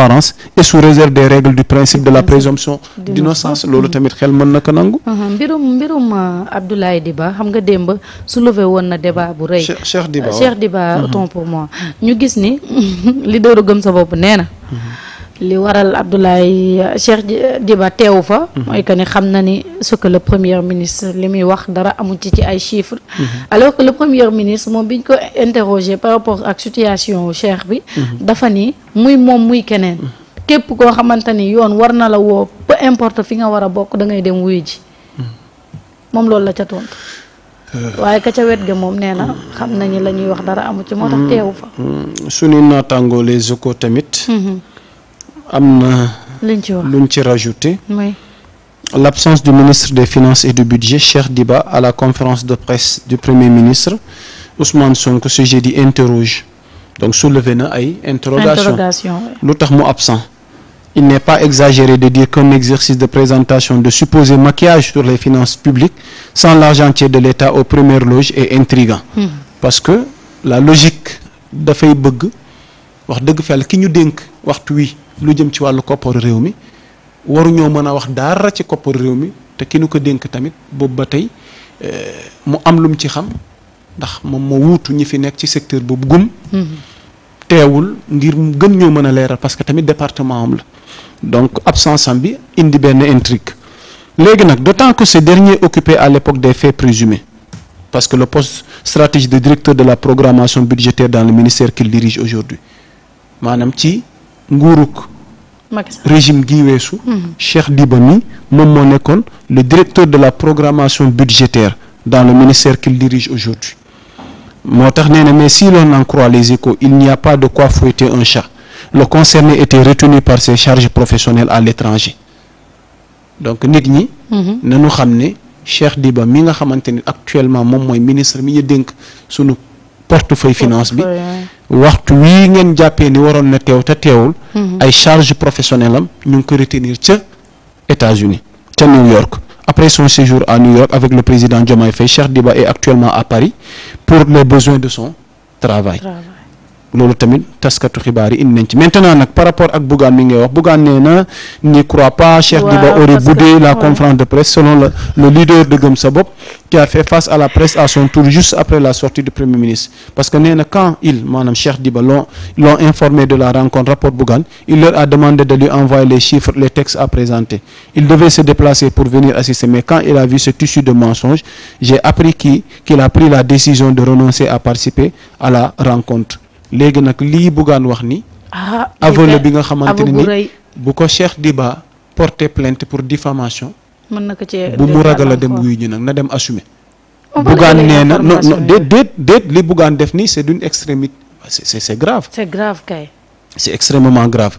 transparence et sous réserve des règles du principe de la présomption d'innocence loolu tamit xel mën na ko nangu mbirum mbirum uh, Abdoulaye Diba xam nga démb soulevé woon na débat bu rëy Cheikh Diba Cheikh Diba mhm. autant pour moi ñu gis ni leaderu gëm sa bopp nee li waral Abdoulaye euh, Cheikh euh, Diba teewu fa. Mhm. mooy que ni xam na ni ce que le premier ministre li muy wax dara amu ci ci ay chifre mhm. alors que le premier ministre moom biñ ko interroger par rapport ak wu Cheikh bi. Mhm. dafa ni muy moom muy keneen. képp koo xamante ni yoon war na la woo peu importe fi nga war a bokk da ngay dem wuyu ji. moom loolu la ca tontu. Euh. waaye ka ca wet ga moom nee na xam nañu la ñuy wax dara amul ci moo tax mm-hmm. teewu fa. Mm-hmm. su naataangoo les échos tamit. Mm-hmm. am na luñ ci rajouté l'absence du ministre des finances et du budget Cheikh Diba à la conférence de presse du premier ministre Ousmane Sonko ce jeudi interroge donc soulevé na ay interrogation lu tax mu absent il n'est pas exagéré de dire qu'un exercice de présentation de supposé maquillage sur les finances publiques sans l'argentier de l'État aux premières loges est intriguant hmm. parce que la logique dafay bëgg wax dëgg fa yàlla ki ñu dénk waxtu wi lu jëm ci wàllu kopparu réew mi waruñoo mën a wax dara ci kopparu réew mi te ki nu ko dénk tamit boobu ba tey eh, mu am lum ci xam ndax moom moo wuutu ñi fi nekk ci secteur boobu gum mm-hmm. teewul ngir gën ñoo mën a leeral parce que tamit département am la donc absence am bi indi benn intrigue léegi nag d'autant que ce dernier occupé à l'époque des faits présumés parce que le post stratégie de directeur de la programmation budgétaire dans le ministère qu'il dirige maanaam ci nguuruk régime gi weesu mhm. Cheikh Diba mi moom moo nekkoon le directeur de la programmation budgétaire dans le ministère qu'il dirige aujourd'hui moo tax nee na mais si l'on en croit les échos il n'y a pas de quoi fouetter un chat le concerné était retenu par ses charges professionnelles à l'étranger donc nit ñi mhm. nañu xam ne di ba mi nga xamante ni actuellement moom mooy ministre mi ñu dénk suñu portefeuille finance bi waxtu wii ngeen jàppee ni waroon na teew te teewul. Mhm. ay charge professionnelle am ñu ngi ko retenir ca États-Unis ca New York après son séjour à New York avec le président Diomaye Faye Cheikh Diba est actuellement à Paris pour les besoins de son travail. loolu tamit taskatu xibaar yi indi nañ ci maintenant nag par rapport ak Bougane mi ngay wax Bougane nee na n'y croit pas Cheikh Diba aurait boudé la conférence de presse selon le, leader de Gëm Sa Bopp qui a fait face à la presse à son tour juste après la sortie du premier ministre parce que nee na quand il maanaam Cheikh Diba l'ont informé de la rencontre rapport Bougane il leur a demandé de lui envoyer les chiffres les textes à présenter il devait se déplacer pour venir assister mais quand il a vu ce tissu de mensonges la décision de à participer à la léegi nag lii buggaan wax ni. ah bi nga xamante ni bu ko di ba porté plainte pour diffamation mën na ko cee bu mu ragal a dem wuyu ñu nag na dem assumer buggaan nee na non non déet déet li buggaan def nii c'est d'une extrémité c'est c'est grave c'est grave kay c'est extrêmement grave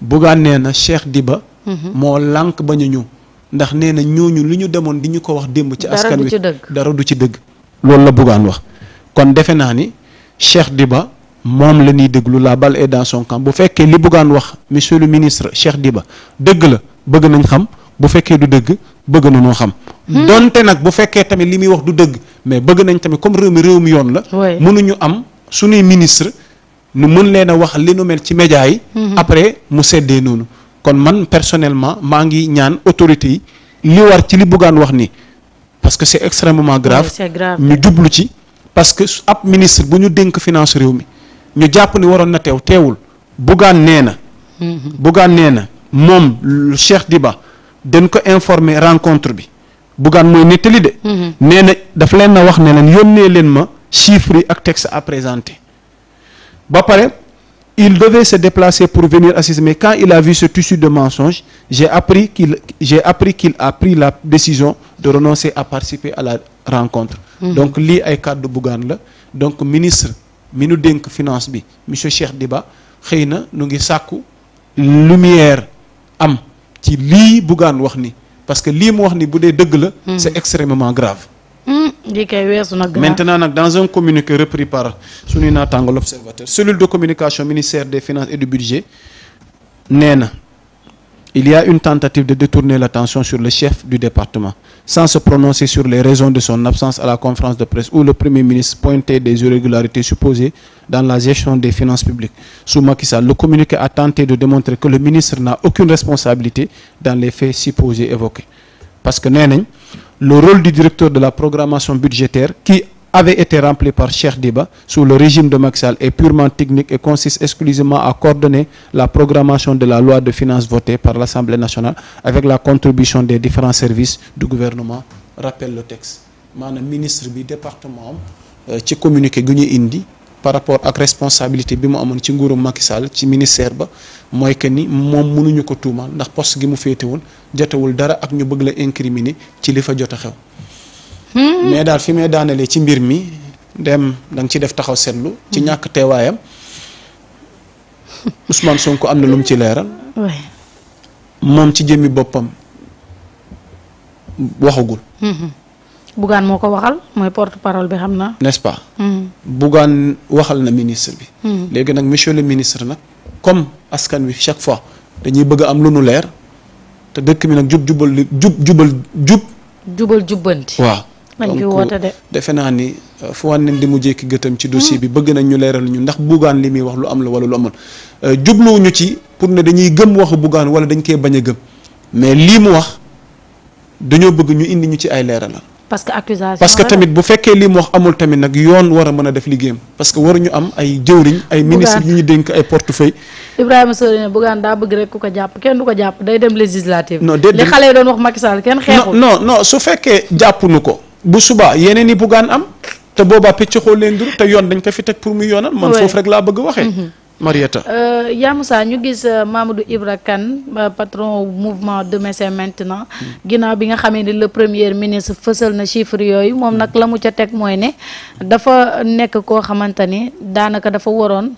buggaan nee na Cheikh ba mhm. moo lànk ba ñu ñëw ndax nee na ñooñu lu ñu demoon di ñu ko wax démb ci askan wi dara du ci dëgg loolu la buggaan wax kon defe naa ni Cheikh ba moom la ñuy déglu la balle est dans son camp bu fekkee li buggaan wax monsieur le ministre Cheikh ba dëgg la bëgg nañ xam bu fekkee du dëgg bëgg nañoo xam. Hmm. donte nag bu fekkee tamit li muy wax du dëgg mais bëgg nañ tamit comme réew mi réew mi yoon la. mënuñu am suñuy ministre nu mën leen a wax li nu mel ci média yi. Hmm. après mu seddee noonu. kon man personnellement maa ngi ñaan autorité yi li war ci li buggaan wax ni parce que c'est extrêmement grave ñu jublu ci parce que ab ministre bu ñu dénk finance réew mi. ñu jàpp ni waroon na teew teewul Bougane nee na mhm. Bougane nee na moom di ba dañ ko informer rencontre bi Bougane mooy nettali de mhm. nee na dafa leen na wax ne leen yónnee leen ma chiffres ak texte à présenter ba pare il devait se déplacer pour venir assister mais quand il a vu ce tissu de mensonges j'ai appris qu'il j'ai appris qu'il a pris la décision de renoncer à participer à la rencontre mhm. donc lii ay kàddu Bougane la donc ministre mi nu dénk finance bi monsieur Cheikh Diba xëy na nu ngi sàkku lumière am ci lii Bougane wax ni parce que lii mu wax ni bu dee dëgg la. Hmm. c'est extrêmement grave. Hmm, lii kay weesu nag. maintenant nag dans un communiqué repris par suñuy naataango l'observateur cellule de communication ministère des finances et du budget nee na. il y a une tentative de détourner l'attention sur le chef du département, sans se prononcer sur les raisons de son absence à la conférence de presse où le Premier ministre pointait des irrégularités supposées dans la gestion des finances publiques. Sous Macky le communiqué a tenté de démontrer que le ministre n'a aucune responsabilité dans les faits supposés évoqués. Parce que nee nañ le rôle du directeur de la programmation budgétaire ave été rempli par di ba sous le régime de Macky Sall est purement technique et consiste exclusivement à coordonner la programmation de la loi de finances votée par l'Assemblée nationale avec la contribution des différents services du gouvernement rappelle le texte maanaam ministre bi département am euh, ci communiqué gu ñu indi par rapport ak responsabilité bi mu amoon ci nguurum Macky ci ministère ba mooy que ni moom mënuñu ko tuumaal ndax post gi mu féetewul jotewul dara ak ñu bëgg la ci li jot a xew Hmm. mais daal fi may ci mbir mi dem da ci def taxaw seetlu. ci hmm. ñàkk teewaayam Ousmane Sonko am na lu mu ci leeral. moom ci jëmmi boppam waxagul. Hmm. Bougane moo ko waxal mooy porte parole bi xam na. n'est-ce pas. waxal na ministre bi. léegi nag monsieur le ministre nag comme askan wi chaque fois dañuy bëgg am lu nu leer te dëkk bi nag jub jubal jub jubal jub. jubal nañ defe naa ni euh, fu wan nen di mu jékki gëtam ci dossier bi bëgg nañ ñu leeral ñu ndax Bougane li muy wax lu am la wala lu amul euh, jubluwuñu ci pour ne dañuy gëm waxu Bougane wala dañ koy bañ a gëm mais lii mu wax dañoo bëgg ñu indi ñu ci ay leeralal parce que accusation parce que tamit bu fekkee lii mu wax amul tamit nag yoon war a mën a def liggéeyam parce que ñu am ay jëwriñ ay ministre yu ñu dénk ay portefeuille Ibrahima Sow ne daa bëgg rek ku ko jàpp kenn du ko jàpp day dem législative non déedéet li xale wax Macky Sall kenn xeexul non su fekkee jàppuñu ko bu subaa yeneen yi buggaan am te boobaa picc xool leen duru te yoon dañ ko fi teg pour mu yoonal man foofu rek laa bëgg waxee mm-hmm. Marieta. Euh, yaa Moussa ñu gis euh, Mamadou Ibra Kane euh, patron mouvement Demain c'est maintenant mm. ginnaaw bi nga xamee ni le premier ministre fësal na chiffre yooyu moom nag la mu ca teg mooy ne dafa nekk koo xamante ni daanaka dafa waroon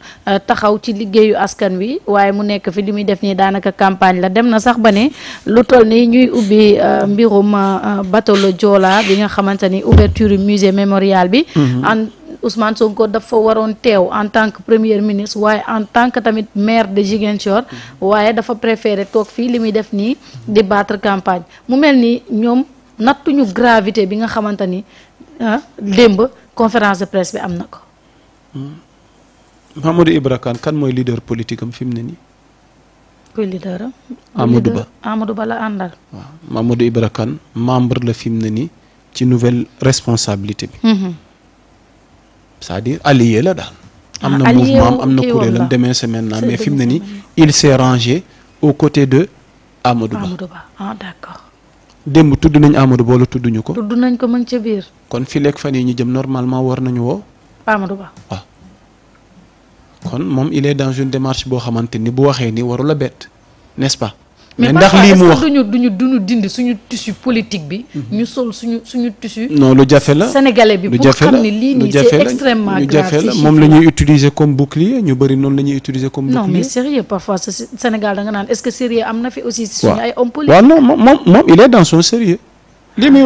taxaw ci liggéeyu askan wi waaye mu nekk fi li muy def nii daanaka campagne la dem na sax ba ne lu toll nii ñuy ubbi mbirum bateau le Joola bi nga xamante ni ouverture musée mémorial bi. Mm-hmm. Ousmane ko dafa waroon teew en tant que premier ministre waaye en tant que tamit maire de Ziguinchor mm-hmm. waaye dafa préféré toog fii li muy def nii di campagne mu mel ni ñoom nattuñu gravité bi nga xamante ni ah démb conférence de presse bi am na ko. Mm-hmm. Mamadou Ibra Kane kan mooy leader politique am fi mu ne nii. kuy leader am. Ba la àndal. waaw Ibra Kane membre la fi mu ne nii ci nouvelle responsabilité bi. Mm-hmm. c'est-à-dire allié la daal. Ah, am na mouvement am na kuréelam demee semaine naa mais fi mu ne nii il s'est rangé aux côtés de Amadou Ba. Ah, démb tudd nañ Amadou Ba wala tudduñu ko. tudd nañ ko mu ngi ca biir. kon fii léegi fan yi ñu jëm normalement war nañu woo. Ah. kon moom il est dans une démarche boo xamante ni bu waxee ni warula bett nest pas. mais ndax lii mu wax duñu duñu duñu dindi suñu tissu politique bi. Mhm. ñu sol suñu suñu tissu. non lu jafe la sénégalais bi pour xam ne lii nii c'est extrêmement grave moom la ñuy utiliser comme bouclier ñu bëri noonu la ñuy utiliser comme. bouclier non mais sérieux parfois Sénégal da nga naan est-ce que sérieux am na fi aussi. suñu ay hommes politiques waaw non moom moom il est dans son sérieux li muy